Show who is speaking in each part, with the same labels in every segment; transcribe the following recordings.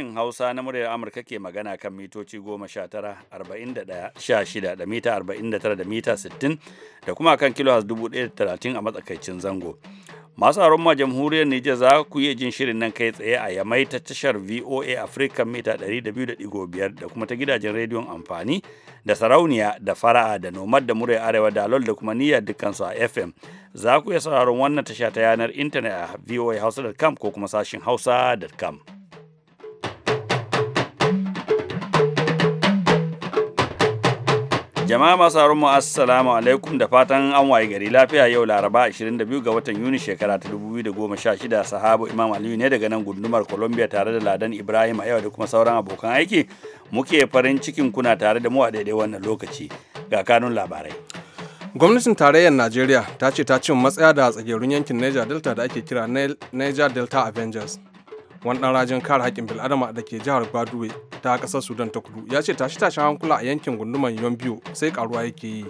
Speaker 1: sashin Hausa na muryar Amurka ke magana kan mitoci 19-41-16 da mita 49 da mita 60 da kuma kan kilo 1030 a matsakaicin zango. Masu aron ma jamhuriyar Nijar za ku iya jin shirin nan kai tsaye a yamai ta tashar VOA Africa mita 200.5 da kuma ta gidajen rediyon amfani da sarauniya da fara'a da nomad da muryar arewa da alol da kuma niyyar dukkansu a FM. Za ku iya sauraron wannan tasha ta yanar intanet a voahausa.com ko kuma sashin hausa.com. Jama'a masu mu assalamu alaikum da fatan an waye gari lafiya yau Laraba 22 ga watan Yuni shekara ta 2016 sahabu Imam Aliyu ne daga nan gundumar Columbia tare da Ladan Ibrahim a yau da kuma sauran abokan aiki muke
Speaker 2: farin cikin kuna tare da mu a daidai wannan lokaci ga kanun labarai. Gwamnatin tarayyar Najeriya ta ce ta cin matsaya da tsagerun yankin Niger Delta da ake kira Niger Delta Avengers. wani ɗan rajin kare haƙƙin bil'adama da ke jihar Baduwe ta ƙasar Sudan ta kudu ya ce tashi-tashin hankula a yankin gunduman biyu sai ƙaruwa yake yi.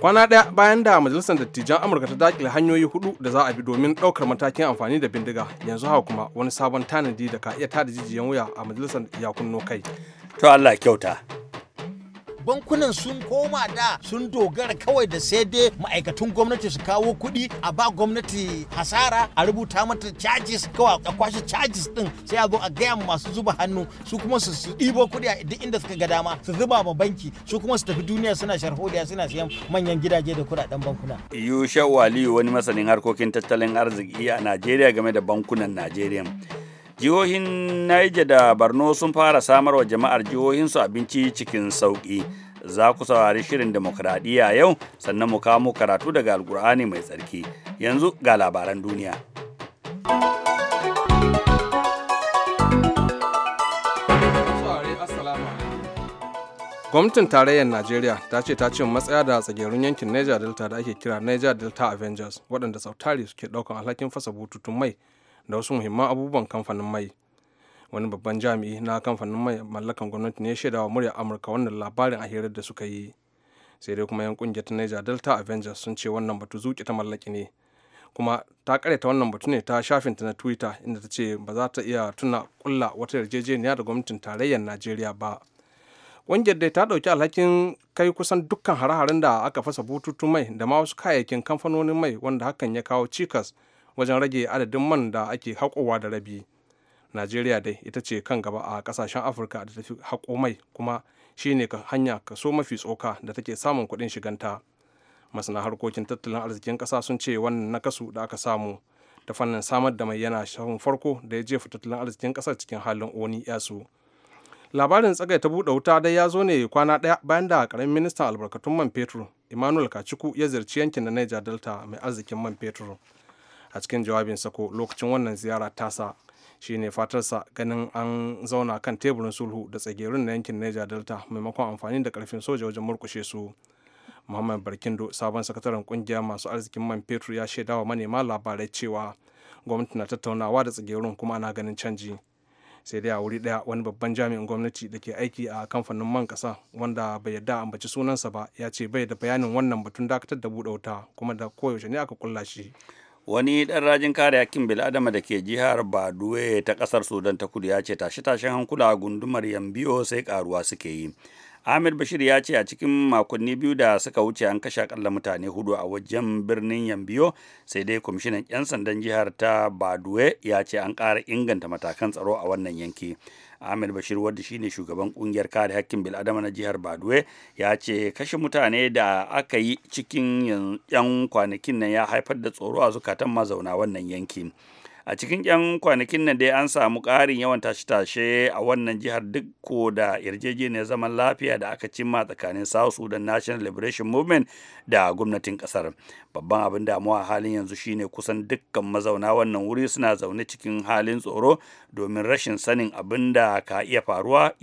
Speaker 2: Kwana ɗaya bayan da majalisar dattijan Amurka ta dakile hanyoyi hudu da za a bi domin ɗaukar matakin amfani da bindiga yanzu haka kuma wani sabon tanadi da ka iya tada jijiyan wuya a majalisar yakunno kai. To Allah kyauta.
Speaker 3: bankunan sun koma da sun dogara kawai da sai dai ma'aikatun gwamnati su kawo kuɗi a ba gwamnati hasara a rubuta mata charges kawai a kwashe charges din sai a zo a gaya masu zuba hannu su kuma su ɗibo kuɗi a duk inda suka ga dama su zuba ma banki su kuma su tafi duniya suna sharhodiya suna siyan manyan gidaje da kuɗaɗen bankuna.
Speaker 1: Yushau Waliyu wani masanin harkokin tattalin arziki a Najeriya game da bankunan Najeriya. jihohin naija da barno sun fara samar wa jama'ar jihohinsu abinci cikin sauƙi. Za ku saurari shirin demokradiyya yau sannan mu kamo karatu daga Alkur'ani mai tsarki. Yanzu ga labaran duniya.
Speaker 2: Gwamnatin tarayyar Najeriya ta ce ta ce matsaya da tsagerun yankin Niger Delta da ake kira Niger Delta Avengers waɗanda sautari suke ɗaukan alhakin fasa bututun mai da wasu muhimman abubuwan kamfanin mai wani babban jami'i na kamfanin mai mallakan gwamnati ne shaida wa murya amurka wannan labarin a hirar da suka yi sai dai kuma yan kungiyar ta niger delta avengers sun ce wannan batu zuƙi ta mallaki ne kuma ta karyata wannan batu ne ta shafinta na twitter inda ta ce ba za ta iya tuna kulla wata yarjejeniya da gwamnatin tarayyar najeriya ba ƙungiyar dai ta ɗauki alhakin kai kusan dukkan hare-haren da aka fasa bututun mai da ma wasu kayayyakin kamfanonin mai wanda hakan ya kawo cikas wajen rage adadin man da ake haƙowa da rabi najeriya dai ita ce kan gaba a ƙasashen afirka da ta fi haƙo mai kuma shine hanya kaso mafi tsoka da take samun kuɗin shiganta masana harkokin tattalin arzikin ƙasa sun ce wannan nakasu da aka samu ta fannin samar da mai yana shafin farko da ya jefa tattalin arzikin ƙasa cikin halin oni yasu labarin tsagai ta buɗe wuta dai ya zo ne kwana ɗaya bayan da ƙaramin ministan albarkatun man fetur emmanuel kaciku ya ziyarci yankin na niger delta mai arzikin man fetur a cikin jawabin sako lokacin wannan ziyara tasa shi ne fatarsa ganin an zauna kan teburin sulhu da tsagerun na yankin Niger Delta maimakon amfani da karfin soja wajen murkushe su. Muhammad Barkindo sabon sakataren kungiya masu arzikin man fetur ya shaidawa manema labarai cewa gwamnati na tattaunawa da tsagerun kuma ana ganin canji. sai dai a wuri daya wani babban jami'in gwamnati da ke aiki a kamfanin man kasa wanda bai yarda ambaci sunansa ba ya ce bai da bayanin wannan batun dakatar da buɗe wuta kuma da koyaushe ne aka kulla shi
Speaker 1: wani ɗan rajin kare hakkin bil'adama da ke jihar baduwe ta ƙasar sudan ta kudu ya ce tashe-tashen hankula a gundumar yambiyo sai ƙaruwa suke yi Ahmed Bashir ya ce a cikin makonni biyu da suka wuce an kashe akalla mutane hudu a wajen birnin Yambiyo sai dai kwamishinan 'yan sandan jihar ta Baduwe ya ce an ƙara inganta matakan tsaro a wannan yanki. Ahmed Bashir wadda ne shugaban ƙungiyar kare hakkin bil'adama na jihar Baduwe ya ce kashe mutane da aka yi cikin 'yan kwanakin nan ya haifar da tsoro a zukatan mazauna wannan yankin a cikin 'yan kwanakin nan dai an samu ƙarin yawan tashe-tashe a wannan jihar duk ko da yarjejeniyar zaman lafiya da aka cimma tsakanin south sudan national liberation movement da gwamnatin ƙasar babban abin damuwa a halin yanzu shine kusan dukkan mazauna wannan wuri suna zaune cikin halin tsoro domin rashin sanin abin da ka iya faruwa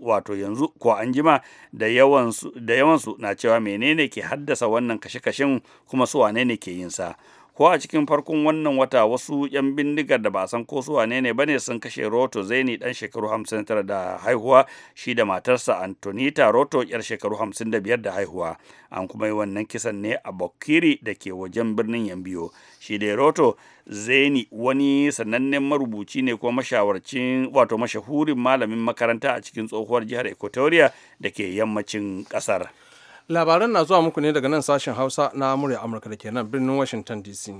Speaker 1: wato yanzu ko an jima da yawansu na cewa menene ke haddasa wannan kashe-kashen kuma su wane ne ke yin sa ko a cikin farkon wannan wata wasu 'yan bindigar da ba san ko su wane ne bane sun kashe roto zaini dan shekaru 59 da haihuwa shi da matarsa antonita roto yar shekaru 55 da haihuwa an kuma yi wannan kisan ne a bokiri da ke wajen birnin yambiyo shi da roto zaini wani sanannen marubuci ne kuma mashawarcin wato mashahurin malamin makaranta a cikin tsohuwar jihar equatoria da ke yammacin kasar.
Speaker 2: labaran na zuwa muku ne daga nan sashen hausa na murya amurka da ke nan birnin washington dc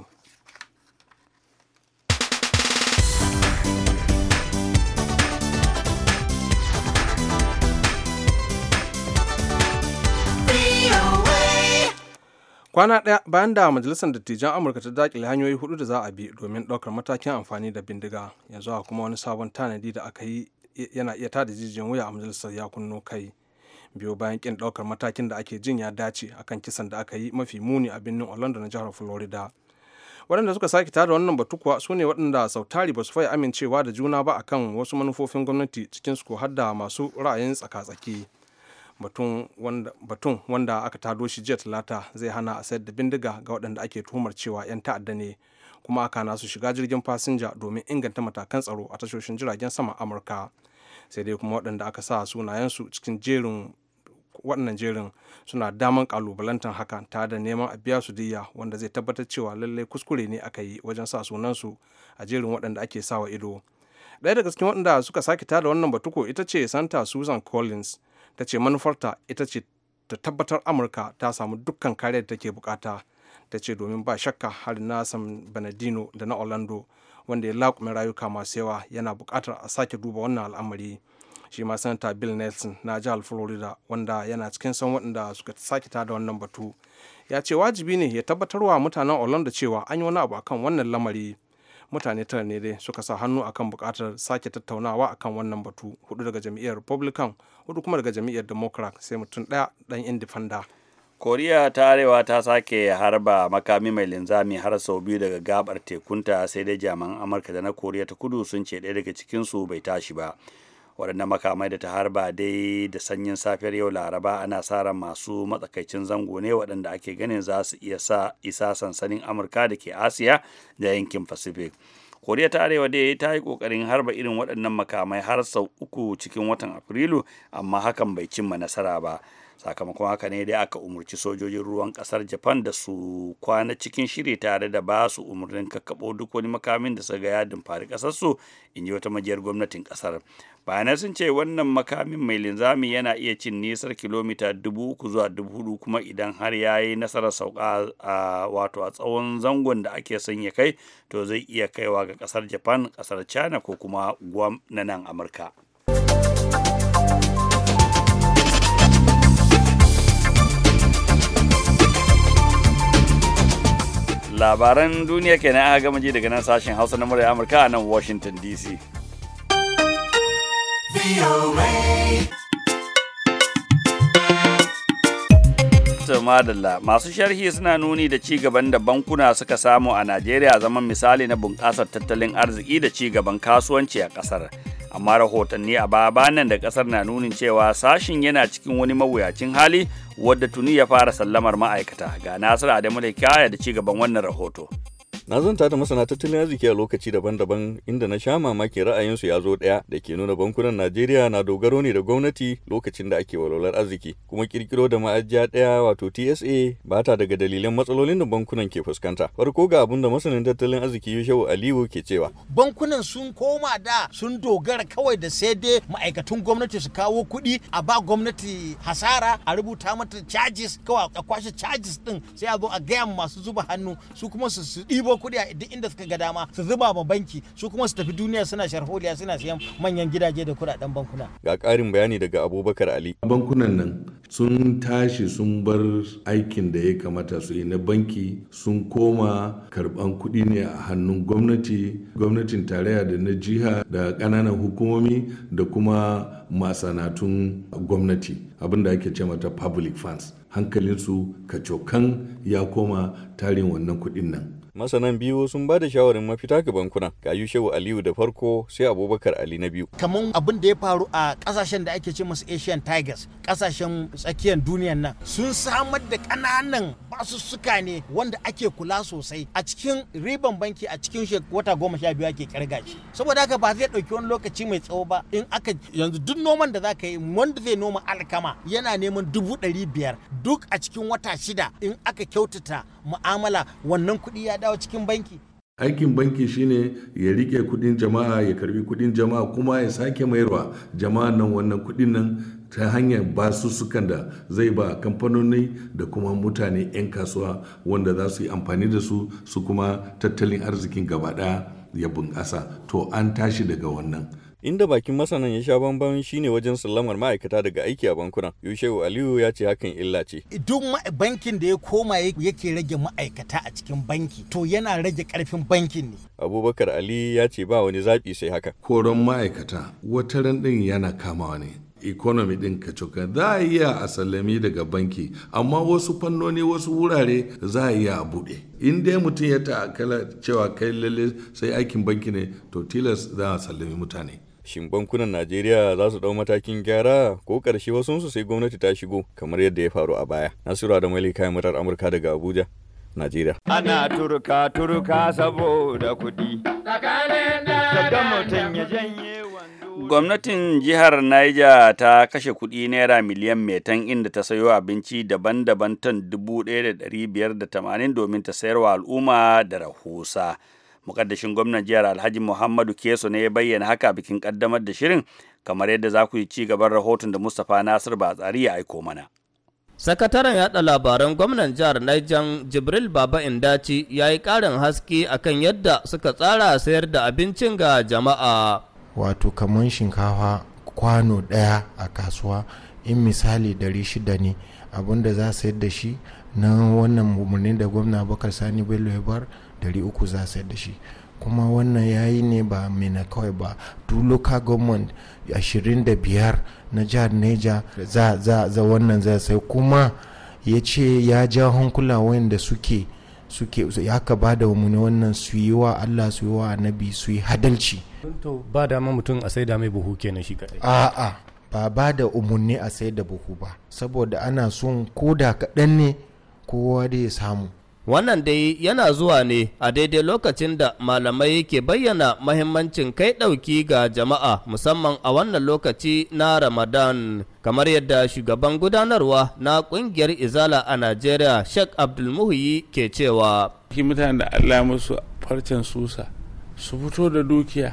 Speaker 2: kwana ɗaya bayan da majalisar dattijan amurka ta dakile hanyoyi hudu da za a bi domin ɗaukar matakin amfani da bindiga yanzu a kuma wani sabon tanadi da aka yi yana iya tada jijiyan wuya a majalisar ya kunno kai biyo bayan kin daukar matakin da ake jin ya dace akan kisan da aka yi mafi muni a birnin orlando na jihar florida waɗanda suka sake tada wannan batu kuwa su ne waɗanda sautari ba su fayi amincewa da juna ba akan wasu manufofin gwamnati cikin su har da masu ra'ayin tsaka-tsaki batun wanda aka tado shi jiya talata zai hana a sayar da bindiga ga waɗanda ake tuhumar cewa 'yan ta'adda ne kuma aka na su shiga jirgin fasinja domin inganta matakan tsaro a tashoshin jiragen sama amurka sai dai kuma waɗanda aka sa sunayensu cikin jerin waɗannan jerin suna daman kalubalantar haka tare da neman a biya su diya wanda zai tabbatar cewa lallai kuskure ne aka yi wajen sa sunansu a jerin waɗanda ake sawa ido ɗaya daga cikin waɗanda suka sake tada wannan batuko ita ce santa susan collins ta ce manufarta ita ce ta tabbatar amurka ta samu dukkan kariyar da take bukata ta ce domin ba shakka harin na san benedino da na orlando wanda ya laƙumin rayuka masu yawa yana buƙatar a sake duba wannan al'amari shi ma sanata bill nelson na jihar florida wanda yana cikin san waɗanda suka sake tada wannan batu ya ce wajibi ne ya tabbatarwa mutanen orlando cewa an yi wani abu akan wannan lamari mutane tara ne dai suka sa hannu akan buƙatar sake tattaunawa akan wannan batu hudu daga jam'iyyar republican hudu kuma daga jam'iyyar democrat sai mutum ɗaya ɗan indifanda
Speaker 1: koriya ta arewa ta sake harba makami mai linzami har sau biyu daga gabar tekunta sai dai jaman amurka da na koriya ta kudu sun ce ɗaya daga su bai tashi ba waɗannan makamai da ta harba dai da sanyin safiyar yau laraba ana sa ran masu matsakaicin zango ne waɗanda ake ganin za su iya sa isa sansanin amurka da ke asiya da yankin pacific koriya ta arewa dai ta yi kokarin harba irin waɗannan makamai har sau uku cikin watan afrilu amma hakan bai cimma nasara ba sakamakon haka ne dai aka umarci sojojin ruwan kasar japan da su kwana cikin shiri tare da ba su umarnin kakkaɓo duk wani makamin da suka yadin fari kasar su in ji wata majiyar gwamnatin kasar bayanai sun ce wannan makamin mai linzami yana iya cin nisar kilomita dubu uku zuwa dubu hudu kuma idan har ya yi nasarar sauka a wato a tsawon zangon da ake son ya kai to zai iya kaiwa ga kasar japan kasar china ko kuma guam na nan amurka labaran duniya kenan aka gama ji daga nan sashen hausa na murya amurka a nan washington dc To madalla masu sharhi suna nuni da ci gaban da bankuna suka samu a Najeriya zaman misali na bunƙasar tattalin arziki da ci gaban kasuwanci a ƙasar. Amma rahotanni a baya da ƙasar na nunin cewa sashin yana cikin wani mawuyacin hali wadda tuni ya fara sallamar ma'aikata ga Nasiru Adamu da kaya da ci gaban wannan rahoto.
Speaker 4: Na zanta da masana tattalin arziki a lokaci daban-daban inda na sha mamaki ra'ayinsu ya zo daya da ke nuna bankunan Najeriya na dogaro ne da gwamnati lokacin da ake walwalar arziki kuma kirkiro da ma'ajiya daya wato TSA ba ta daga dalilan matsalolin da bankunan ke fuskanta. Farko ga abin da masanin tattalin arziki Yushau Aliyu ke cewa.
Speaker 3: Bankunan sun koma da sun dogara kawai da sai dai ma'aikatan gwamnati su kawo kuɗi a ba gwamnati hasara a rubuta mata cajis kawai a kwashe cajis din sai a zo a gaya masu zuba hannu su kuma su ɗibo kuɗi a duk inda suka ga dama su zuba ma banki su kuma su tafi duniya suna sharholiya suna siyan manyan gidaje da kuɗaɗen bankuna
Speaker 4: ga ƙarin bayani daga abubakar ali
Speaker 5: bankunan nan sun tashi sun bar aikin da ya kamata su yi na banki sun koma karɓan kuɗi ne a hannun gwamnati gwamnatin tarayya da na jiha da ƙananan hukumomi da kuma masanatun gwamnati abin da ake ce mata public funds hankalinsu kacokan ya koma tarin wannan kuɗin nan
Speaker 4: masanan biyu sun ba da shawarin mafita ga bankuna ga yushewu aliyu da farko sai abubakar ali na biyu kamar abin da ya faru a kasashen da ake ce masu asian
Speaker 3: tigers kasashen tsakiyar duniyan nan sun samar da ƙananan basussuka ne wanda ake kula sosai a cikin riban banki a cikin wata goma sha biyu ake kirga shi saboda haka ba zai ɗauki wani lokaci mai tsawo ba in aka yanzu duk noman da zaka yi wanda zai noma alkama yana neman dubu ɗari biyar duk a cikin wata shida in aka kyautata mu'amala wannan kuɗi ya fadawa cikin banki
Speaker 5: aikin banki shine ya rike kudin jama'a ya karbi kudin jama'a kuma ya sake mayarwa jama'a nan wannan kudin nan ta hanyar basussukan da zai ba kamfanoni da kuma mutane 'yan kasuwa wanda za su yi amfani da su su kuma tattalin arzikin gaba ya bunƙasa to an tashi daga wannan
Speaker 4: Inda bakin masanan ya sha bamban shine wajen sallamar ma'aikata daga aiki a bankunan. Yushewu Aliyu ya ce hakan illa ce.
Speaker 3: Duk bankin da ya koma yake rage ma'aikata a cikin banki to yana rage karfin bankin ne.
Speaker 4: Abubakar Ali ya ce ba
Speaker 5: wani zaɓi sai haka. Koron ma'aikata wata ran ɗin yana kamawa ne. economy ɗin ka coka, za a iya a sallami daga banki amma wasu fannoni wasu wurare za a iya a buɗe in dai mutum ya ta'akala cewa kai lalle sai aikin banki ne to
Speaker 4: tilas za a sallami mutane shin bankunan Najeriya za su dau matakin gyara ko ƙarshe wasu sai gwamnati ta shigo kamar yadda ya faru a baya. Nasiru ya Malika murar Amurka daga Abuja, Najeriya.
Speaker 3: Ana turka turka
Speaker 4: saboda
Speaker 3: kuɗi.
Speaker 1: Gwamnatin jihar Niger ta kashe kudi naira miliyan metan inda ta sayo abinci daban-daban tan 1,580 domin ta sayarwa al'umma da rahusa. mukaddashin gwamnan jihar alhaji muhammadu keso ne ya bayyana haka bikin kaddamar da shirin kamar yadda za ku yi ci gaban rahoton da mustapha nasir batsari ya aiko mana
Speaker 6: sakataren yada labaran gwamnan jihar Niger jibril baba indaci ya yi karin haske akan yadda suka tsara sayar da abincin ga jama'a
Speaker 3: wato kamar shinkafa kwano daya a kasuwa in misali shida ne abinda za sayar da shi na wannan da gwamna bakar sani bello ya bar 300 za sayar da shi kuma wannan yayi ne ba mina kawai ba duk local government 25 na jihar neja za za za wannan za sai kuma ya ce ya ja hankula wayanda suke suke ya ka ba da mu wannan su yi wa Allah su yi wa annabi su yi hadalci
Speaker 6: to ba dama mutum a sai da mai buhu kenan shi kadai a'a
Speaker 3: ba ba da umunni a sai da buhu ba saboda ana son koda kadan ne kowa da ya samu
Speaker 6: Wannan dai yana zuwa ne a daidai lokacin da malamai ke bayyana mahimmancin kai ɗauki ga jama'a musamman a wannan lokaci na Ramadan. Kamar yadda shugaban gudanarwa na ƙungiyar Izala a Najeriya Sheikh Abdulmuhi ke cewa. Ki mutane da Allah musu farcen susa su fito da dukiya.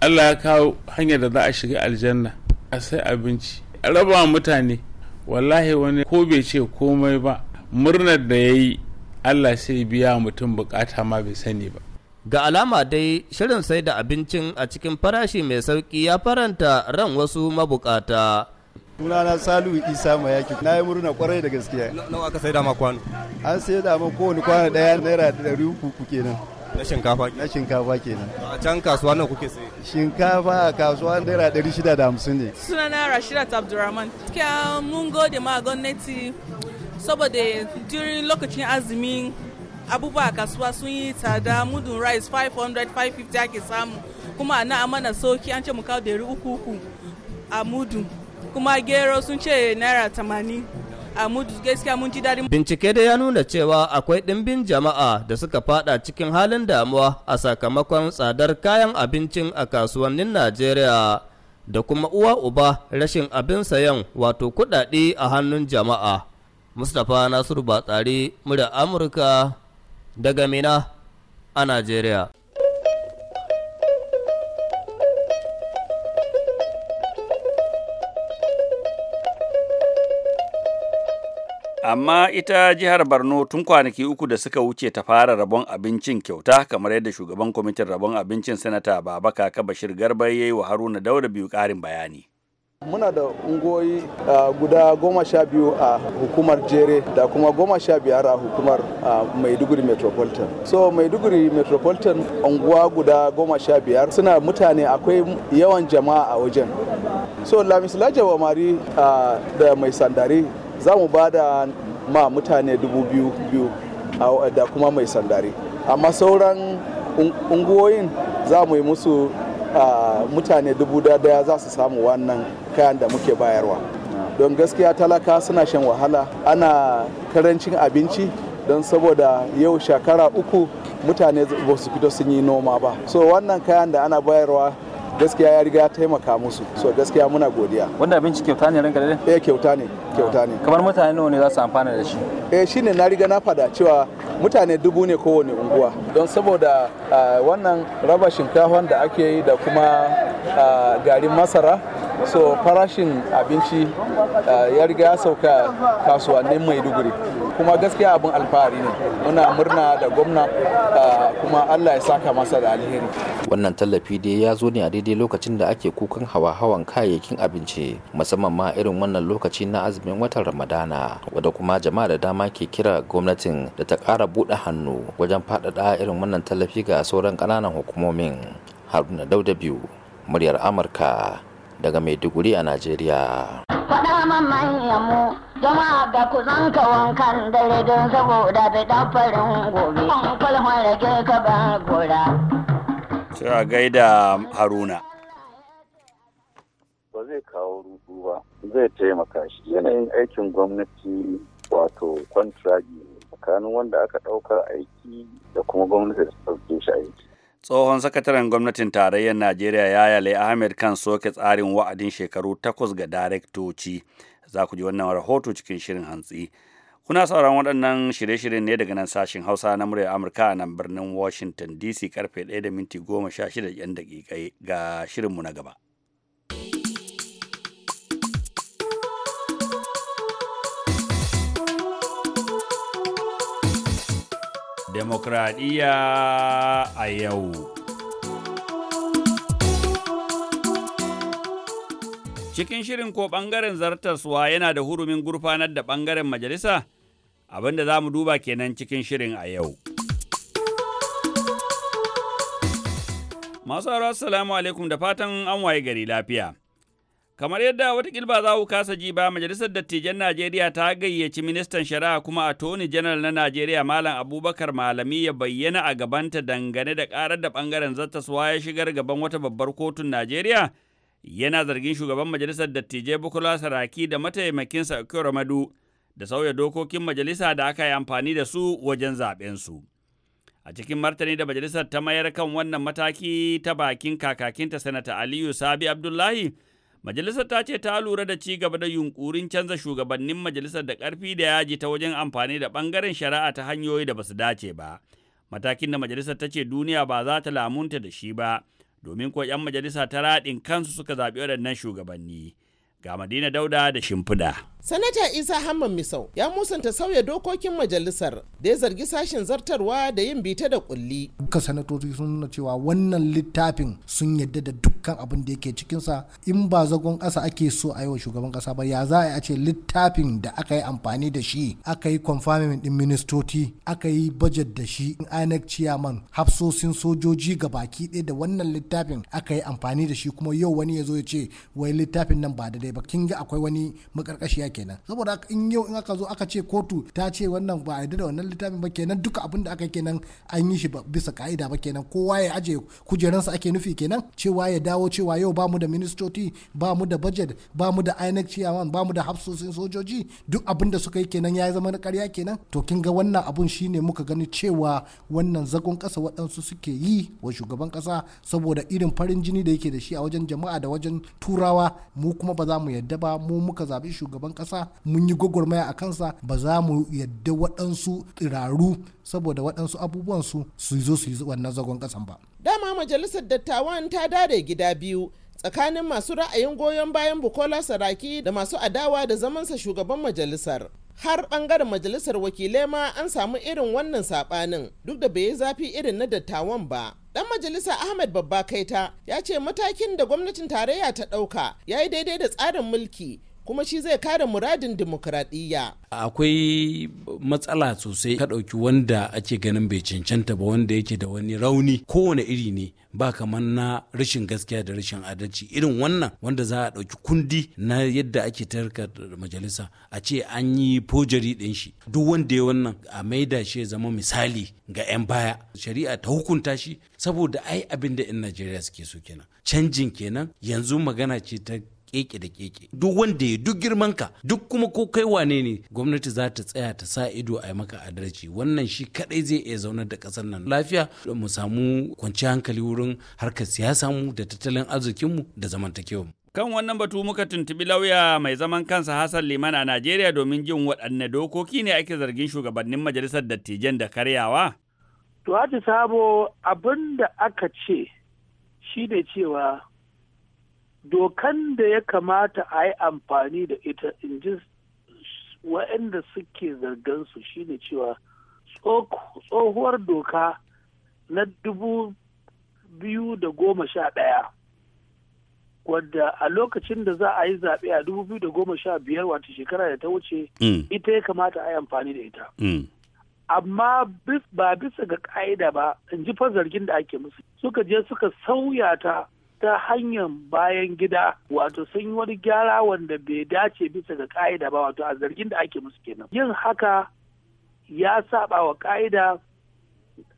Speaker 7: Allah ya kawo hanyar da za a shiga aljanna a sai abinci. A raba mutane wallahi wani ko bai ce komai ba murnar da ya yi allah sai biya mutum bukata ma bai sani ba
Speaker 6: ga alama dai shirin sai da abincin a cikin farashi mai sauki ya faranta ran wasu mabukata sunana salu isa mayaki na yi murna kwarai da gaskiya nawa aka sai da ma kwano an sai da ma kowane kwano daya naira ɗari uku kenan na shinkafa na shinkafa kenan a can kasuwa nan kuke
Speaker 8: sai shinkafa a kasuwa naira ɗari shida da hamsin ne sunana rashidat Abdulrahman. abdurrahman mun gode ma gwamnati saboda during lokacin azumi abubuwa kasuwa sun yi tsada mudun rice 500 550 ake samu kuma na mana sauki an ce mu kawo dari uku uku a mudu kuma gero sun ce naira tamanin a mudu gaskiya mun ji daɗin.
Speaker 6: bincike da ya nuna cewa akwai ɗimbin jama'a da suka fada cikin halin damuwa a sakamakon tsadar kayan abincin a kasuwannin najeriya da kuma uwa uba rashin abin sayan wato kuɗaɗe a hannun jama'a mustapha nasiru batsari murya amurka daga mina a najeriya
Speaker 1: amma ita jihar Borno tun kwanaki uku da suka wuce ta fara rabon abincin kyauta kamar yadda shugaban kwamitin rabon abincin sanata Babaka Bashir Garba ya yi wa Haruna daura biyu ƙarin bayani.
Speaker 8: muna da ungoyi guda goma sha biyu a hukumar jere da kuma goma sha biyar a hukumar maiduguri metropolitan so maiduguri metropolitan unguwa guda goma sha biyar suna mutane akwai yawan jama'a a wajen so lamisila wamari da mai sandari za mu ba da ma mutane dubu biyu biyu da kuma mai sandari amma sauran unguwoyin za mu yi musu mutane dubu daya za su samu wannan kayan da muke bayarwa don gaskiya talaka suna shan wahala ana karancin abinci don saboda yau shakara uku mutane ba su fito sun yi noma ba so wannan kayan da ana bayarwa gaskiya ya riga ya taimaka musu so gaskiya muna godiya wanda abinci kyauta ne ranka dai eh kyauta ne kyauta ne kamar mutane nawa ne za su amfana da shi eh shine na riga na fada cewa mutane dubu ne kowane unguwa don saboda ah, wannan raba shinkafa da ake yi da kuma ah, garin masara so farashin abinci ah, ya riga ya sauka kasuwannin maiduguri kuma gaskiya abin alfahari ne muna murna da gwamna kuma Allah ya saka masa da alheri
Speaker 3: wannan tallafi dai ya zo ne a daidai lokacin da ake kukan hawa-hawan kayayyakin abinci musamman ma irin wannan lokaci na azumin watan ramadana wadda kuma jama'a da dama ke kira gwamnatin da ta ƙara buɗe hannu wajen faɗaɗa irin wannan tallafi ga sauran ƙananan hukumomin haruna dauda biyu muryar amurka daga maiduguri a najeriya faɗa man
Speaker 6: manyan mu jama'a da ku zanka wankan dare don saboda bai farin gobe an kwalhon rage ka ban gora.
Speaker 1: Cewa gaida Haruna.
Speaker 7: Ba zai
Speaker 6: kawo rudu
Speaker 7: ba,
Speaker 1: zai taimaka shi yanayin aikin gwamnati wato kwantiragi tsakanin wanda aka ɗaukar
Speaker 4: aiki da kuma gwamnati
Speaker 1: da ɗauke shi aiki. tsohon sakataren gwamnatin tarayyar najeriya ya yale ahmed kan soke tsarin wa'adin shekaru takwas ga darektoci za ku ji wannan rahoto cikin shirin hantsi kuna sauran waɗannan shirye-shiryen ne daga nan sashen hausa na muryar amurka a nan birnin washington dc karfe 1 da minti 16 ga shirinmu na gaba demokradiyya a yau. Cikin shirin ko ɓangaren zartaswa yana da hurumin gurfanar da ɓangaren majalisa abinda za mu duba kenan cikin shirin a yau. Masu haro assalamu alaikum da fatan an waye gari lafiya. Kamar yadda watakil ba za ku kasa ji ba, Majalisar Dattijan Najeriya ta gayyaci ministan shari'a kuma a tony General na Najeriya Malam Abubakar Malami ya bayyana a gabanta dangane da karar da bangaren zattaswa ya shigar gaban wata babbar kotun Najeriya. Yana zargin shugaban Majalisar Dattijai Bukola Saraki da mataimakinsa Okoro Madu da sauya dokokin majalisa da aka yi amfani da su wajen zaɓen su. a cikin martani da majalisar ta mayar kan wannan mataki ta bakin kakakinta sanata aliyu sabi abdullahi Majalisar ta ce ta lura da ci gaba da yunkurin canza shugabannin majalisar da ƙarfi da yaji ta wajen amfani da ɓangaren shari'a ta hanyoyi da basu dace ba. Matakin da majalisar ta ce duniya ba za ta lamunta da shi ba, domin ko 'yan majalisa ta raɗin kansu suka zaɓi waɗannan shugabanni. Ga Madina Dauda da Shimfiɗa.
Speaker 3: sanata isa hamman misau ya musanta sauya dokokin majalisar da ya zargi sashen
Speaker 9: zartarwa da yin bita da kulli duka sanatoci sun nuna cewa wannan littafin sun yadda da dukkan abin da yake cikinsa in ba zagon ƙasa ake so a yi wa shugaban ƙasa ba ya za a ce littafin da aka yi amfani da shi aka yi confirming din ministoci aka yi budget da shi inec chairman hafsosin sojoji ga baki ɗaya da wannan littafin aka yi amfani da shi kuma yau wani ya zo ya ce wai littafin nan ba da dai ba kin ga akwai wani makarkashi kenan saboda in yau in aka zo aka ce kotu ta ce wannan ba a da wannan littafin ba kenan duka abin da aka kenan an yi shi bisa ka'ida ba kenan kowa ya aje kujeransa ake nufi kenan cewa ya dawo cewa yau ba mu da ministoci ba mu da budget ba mu da INEC chairman ba mu da hafsosin sojoji duk abin da suka yi kenan ya zama na karya kenan to kin ga wannan abun shine muka gani cewa wannan zagon kasa waɗansu suke yi wa shugaban kasa saboda irin farin jini da yake da shi a wajen jama'a da wajen turawa mu kuma ba za mu yadda ba mu muka zaɓi shugaban ƙasa mun yi gwagwarmaya a kansa ba za mu yadda waɗansu tsiraru saboda waɗansu abubuwan su su zo su yi wannan zagon ƙasan ba.
Speaker 3: Dama majalisar dattawan ta dare gida biyu tsakanin masu ra'ayin goyon bayan Bukola Saraki da masu adawa da zamansa shugaban majalisar. har bangaren majalisar wakilai ma an samu irin wannan sabanin duk da bai yi zafi irin na dattawan ba dan majalisa ahmed babba kaita ya ce matakin da gwamnatin tarayya ta ɗauka ya yi daidai da tsarin mulki kuma shi zai kare muradin dimokuraɗiyya. akwai matsala sosai ka ɗauki wanda ake ganin bai cancanta ba wanda yake da wani rauni kowane iri ne ba kamar na rashin gaskiya da rashin adalci irin wannan wanda za a ɗauki kundi na yadda ake tarka majalisa a ce an yi fojari ɗin shi duk wanda ya wannan a maida shi ya zama misali ga 'yan baya shari'a ta hukunta shi saboda ai abin da 'yan najeriya suke so kenan canjin kenan yanzu magana ce ta keke da keke duk wanda ya duk girman ka duk kuma ko kai wane ne gwamnati za ta tsaya ta sa ido a yi maka adalci wannan shi kadai
Speaker 1: zai iya zaunar da kasar nan
Speaker 3: lafiya mu samu kwanciyar hankali wurin harkar siyasa mu da tattalin arzikinmu da zamantakewa
Speaker 1: kan wannan batu muka tuntubi lauya mai zaman kansa Hassan Liman a Najeriya domin jin waɗanne dokoki ne ake zargin shugabannin majalisar dattijan da karyawa.
Speaker 7: To Sabo abinda aka ce shi ne cewa dokan da ya kamata a yi amfani da ita in ji waɗanda suke su shine cewa tsohuwar doka na dubu biyu da goma sha ɗaya wadda a lokacin da za a yi zaɓe a dubu biyu da goma sha biyar wata shekara da ta wuce mm. ita ya kamata a yi amfani da ita mm. amma ba bisa ga ƙa'ida ba in ji fa zargin da ake musu suka je suka sauya ta ta hanyar bayan gida wato sun yi wani gyara wanda bai dace bisa ga ka'ida ba wato a zargin da ake musu kenan yin haka ya saba wa ka'ida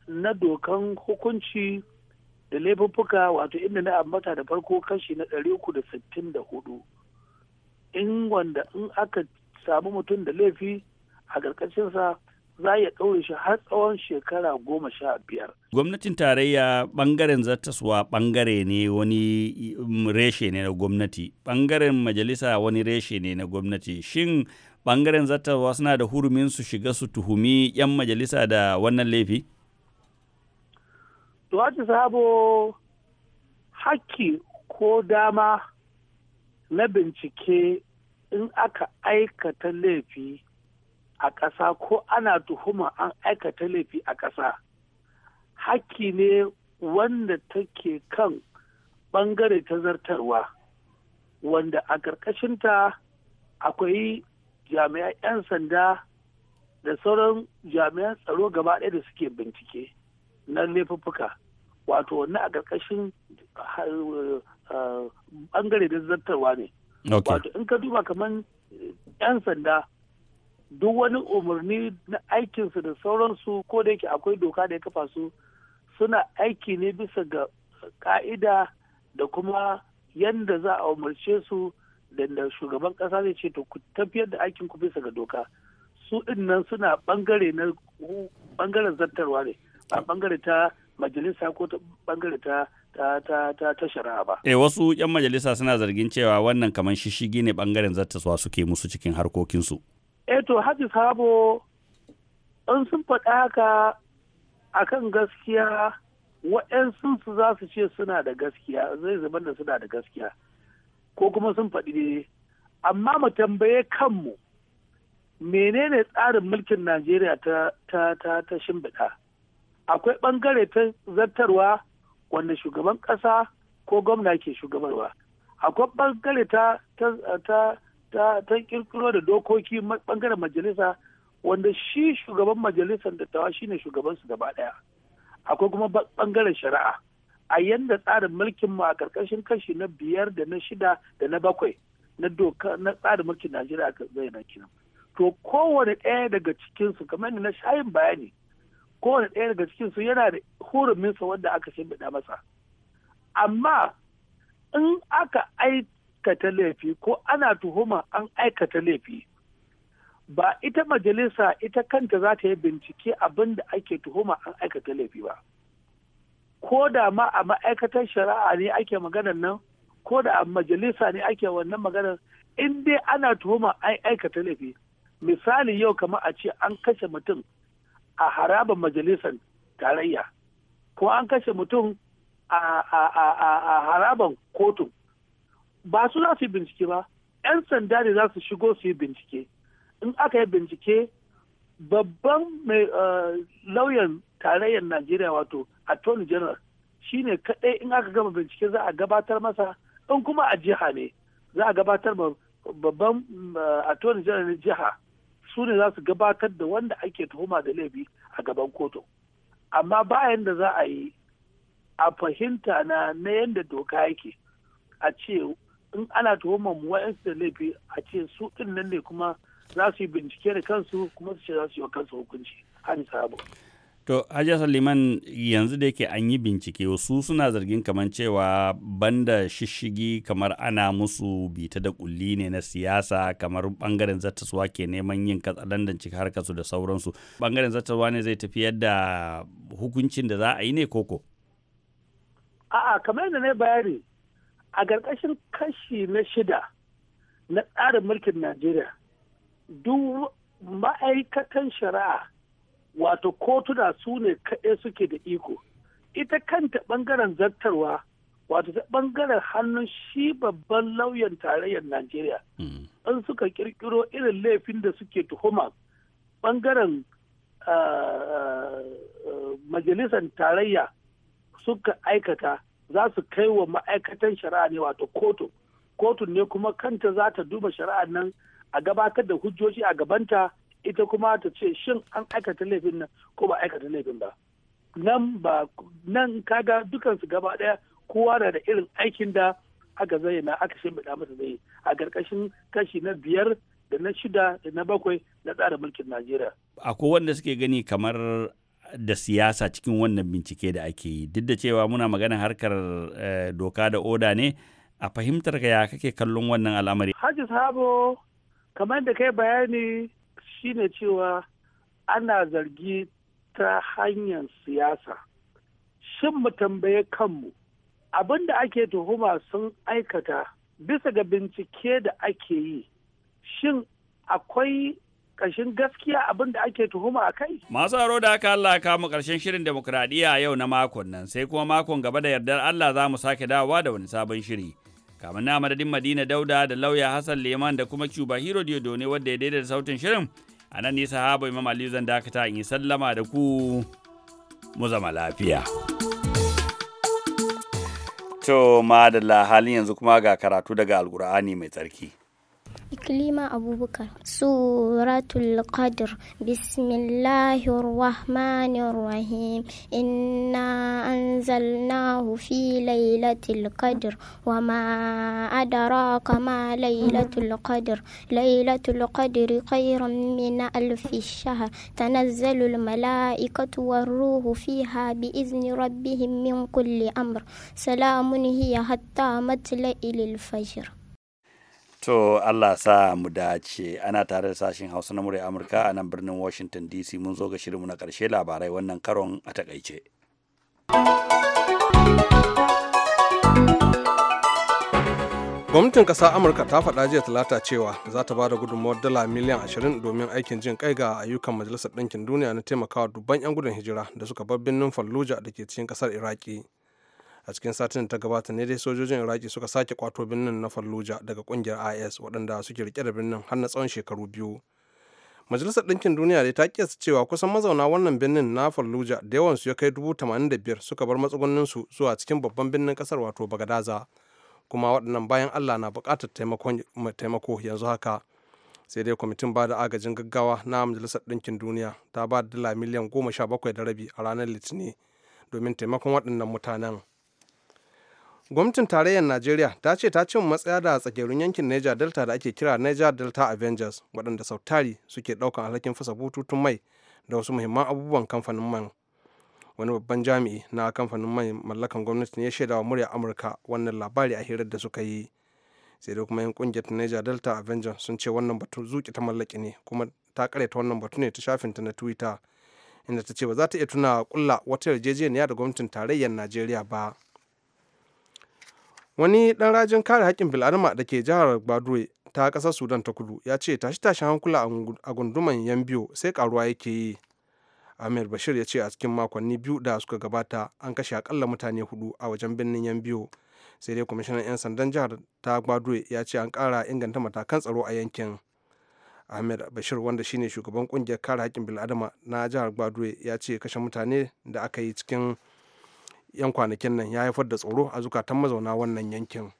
Speaker 7: na dokan hukunci da laifuffuka wato inda na ambata da farko kashi na ɗari uku da sittin da hudu in wanda in aka samu mutum da laifi a ƙarƙashinsa za ya ɗaure shi har tsawon shekara goma sha biyar.
Speaker 1: Gwamnatin tarayya ɓangaren zartaswa ɓangare ne wani mm, reshe ne na gwamnati, ɓangaren majalisa wani reshe ne na gwamnati. Shin ɓangaren zartaswa suna da hurumin su shiga su tuhumi 'yan majalisa da wannan laifi?
Speaker 7: Tuwaci sabo haƙƙi ko dama na bincike in aka aikata laifi a ƙasa ko ana tuhuma an aikata laifi a ƙasa hakki ne wanda take kan ɓangare ta zartarwa wanda a ƙarƙashinta akwai jami'an 'yan sanda da sauran jami'an tsaro gaba ɗaya da suke bincike na laifuffuka wato wannan a ƙarƙashin ɓangare da zartarwa ne wato in ka duba kamar 'yan sanda duk wani umarni na aikinsu da sauransu ko da yake akwai doka da ya kafa su suna aiki ne bisa ga ka'ida da kuma yadda za a umarce su da shugaban kasa zai ce to ku tafiyar da aikin ku bisa ga doka su din nan suna bangare na bangaren zartarwa ne ba bangare ta majalisa ko ta bangare ta ta shari'a ba eh
Speaker 1: wasu yan majalisa suna zargin cewa wannan kamar shishigi ne bangaren zartaswa suke musu cikin harkokinsu
Speaker 7: eto eh, to haji sabo in sun faɗa haka kan gaskiya waɗansu su za su ce suna da gaskiya zai zama da suna da gaskiya ko kuma sun faɗi ne amma mu tambaye kanmu menene tsarin mulkin najeriya ta ta ta ta shimbiɗa akwai ɓangare ta zartarwa wanda shugaban ƙasa ko gwamna ke shugabarwa akwai ɓangare ta ta ta ta kirkiro da dokoki bangaren majalisa wanda shi shugaban majalisar tawa shine shugaban su gaba daya akwai kuma bangaren shari'a a yanda tsarin mulkin mu a karkashin kashi na biyar da na shida da na bakwai na doka na tsarin mulkin Najeriya zai na kinan to kowane ɗaya daga cikin su kamar na shayin bayani kowane ɗaya daga cikin su yana da hurumin sa wanda aka shimfiɗa masa amma in aka ai aikata laifi ko ana tuhuma an aikata laifi ba ita majalisa ita kanta za ta yi bincike abin da ake tuhuma an aikata laifi ba ko da ma a ma'aikatar shari'a ne ake maganar nan ko da a majalisa ne ake wannan maganar in dai ana tuhuma an aikata laifi misali yau kamar a ce an kashe mutum a harabar majalisar tarayya ko an kashe mutum a harabar kotun ba su za su yi bincike ba 'yan sanda ne za su shigo su yi bincike in aka yi bincike babban mai eh, lauyan tarayyar najeriya wato attorney general shine kadai in aka gama bincike za a gabatar masa in kuma a jiha ne za a gabatar babban eh, attorney general na jiha su ne za su gabatar da wanda ake tuhuma da laifi a gaban kotu amma bayan da za a yi a fahimta na na yadda doka yake a ce in ana tuhumar mu wa'yansu da laifi a ce su din nan ne kuma za su yi bincike da kansu kuma su ce za su yi wa kansu hukunci hali sabo.
Speaker 1: To, Hajiya saliman yanzu da yake an yi bincike wasu suna zargin kamar cewa banda shishigi kamar ana musu bita da kulli ne na siyasa kamar bangaren zattasuwa ke neman yin katsalandan cika harkarsu da sauransu. Bangaren zattasuwa ne zai tafi yadda hukuncin da za a yi ne koko?
Speaker 7: A'a, kamar yadda na bayani a ƙarƙashin kashi na shida na tsarin mulkin najeriya duk ma'aikatan shari'a wato kotuna su ne kaɗai suke da iko ita kanta ɓangaren zartarwa wato ta ɓangaren hannun shi babban lauyan tarayyar najeriya hmm. in suka ƙirƙiro irin laifin da suke tuhuma ɓangaren ah, ah, majalisar tarayya suka aikata za su kai wa ma'aikatan shari'a ne wato kotu kotu ne kuma kanta za ta duba shari'a nan a gabatar da hujjoji a gabanta ita kuma ta ce shin an aikata laifin nan ko ba aikata laifin ba nan ba nan kaga dukansu gaba daya kowa na da irin aikin da aka zayyana aka shimfiɗa masa zai a ƙarƙashin kashi na biyar da na shida da na bakwai na tsarin mulkin Najeriya.
Speaker 1: Akwai wanda suke gani kamar da siyasa cikin wannan bincike da ake yi duk da cewa muna magana harkar eh, doka da oda ne a fahimtar ka ya kake kallon wannan al'amari
Speaker 7: haji sabo kamar da kai bayani shine cewa ana zargi ta hanyar siyasa shin mu tambaye kanmu abin da ake tuhuma sun aikata bisa ga bincike da ake yi shin akwai ƙarshen gaskiya abin da ake tuhuma a kai.
Speaker 1: Masu aro da aka Allah ka mu ƙarshen shirin demokuraɗiyya yau na makon nan sai kuma makon gaba da yardar Allah za mu sake dawowa da wani sabon shiri. Kamar na madadin Madina Dauda da lauya Hassan Leman da kuma Cuba Hero Diodo ne wadda ya daidaita sautin shirin. A nan nisa habu Imam Ali zan dakata in yi sallama da ku mu zama lafiya. To madalla halin yanzu kuma ga karatu daga Alkur'ani mai tsarki.
Speaker 6: إكليمة أبو بكر سورة القدر بسم الله الرحمن الرحيم إنا أنزلناه في ليلة القدر وما أدراك ما ليلة القدر ليلة القدر خير من ألف الشهر تنزل الملائكة والروح فيها بإذن ربهم من كل أمر سلام هي حتى مطلع الفجر
Speaker 1: To Allah sa mu dace ana tare da sashen Hausa na murya Amurka a nan birnin Washington DC mun zo ga shirinmu na ƙarshe labarai wannan
Speaker 2: karon a takaice. Gwamnatin ƙasa Amurka ta faɗa jiya talata cewa za ta ba da gudunmawar dala miliyan 20 domin aikin jin kai ga ayyukan Majalisar Ɗinkin Duniya na taimakawa dubban 'yan gudun hijira da suka bar birnin Fallujah da ke cikin ƙasar Iraki. a cikin satin ta gabata ne dai sojojin iraki suka sake kwato birnin na fallujah daga kungiyar is waɗanda suke rike da birnin har na tsawon shekaru biyu majalisar ɗinkin duniya da ta kiyasta cewa kusan mazauna wannan birnin na fallujah da yawansu ya kai dubu tamanin da biyar suka bar matsugunninsu zuwa cikin babban birnin ƙasar wato bagadaza kuma waɗannan bayan allah na buƙatar taimako yanzu haka sai dai kwamitin ba da agajin gaggawa na majalisar ɗinkin duniya ta ba da dala miliyan goma sha bakwai da rabi a ranar litinin domin taimakon waɗannan mutanen gwamnatin tarayyar najeriya ta ce ta cin matsaya da tsakirin yankin niger delta da ake kira niger delta avengers waɗanda sautari suke ɗaukan alhakin fasa bututun mai da wasu muhimman abubuwan kamfanin man wani babban jami'i na kamfanin mai mallakan gwamnati ne ya shaida wa murya amurka wannan labari a hirar da suka yi sai dai kuma yan kungiyar niger delta avengers sun ce wannan batu zuki ta mallaki ne kuma ta karyata wannan batu ne ta shafin ta na twitter inda ta ce ba za ta iya tuna kulla wata yarjejeniya da gwamnatin tarayyar najeriya ba wani ɗan rajin kare haƙƙin bil'adama da ke jihar Badue ta ƙasar Sudan ta kudu ya ce tashe-tashen hankula a gunduman Yambiyo sai karuwa yake yi. Amir Bashir ya ce a cikin makonni biyu da suka gabata an kashe akalla mutane hudu a wajen birnin Yambiyo. Sai dai kwamishinan 'yan sandan jihar ta Badue ya ce an ƙara inganta matakan tsaro a yankin. Ahmed Bashir wanda shine shugaban kungiyar kare haƙƙin bil'adama na jihar Badue ya ce kashe mutane da aka yi cikin 'yan kwanakin nan ya haifar da tsoro a zukatan mazauna wannan yankin.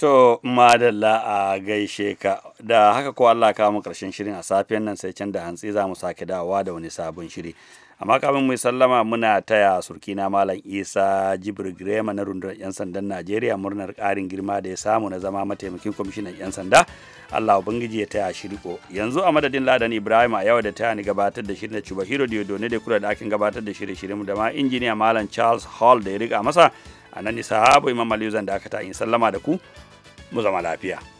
Speaker 1: To, madalla a gaishe ka, da haka ko Allah kawo mu ƙarshen shirin a safiyan nan sai can da hantsi za mu sake dawa da wani sabon shiri. amma kafin mu sallama muna taya surkina malam isa jibril grema na rundunar yan sandan najeriya murnar karin girma da ya samu na zama mataimakin kwamishinan yan sanda allah ubangiji ya taya shi riko yanzu a madadin ladan ibrahim a yau da taya ni gabatar da shirin da chubahiro da kula da akin gabatar da shirye-shiryen da ma injiniya malam charles hall da ya riga masa a nan ni sahabo imam aliyu zan da aka ta in sallama da ku mu zama lafiya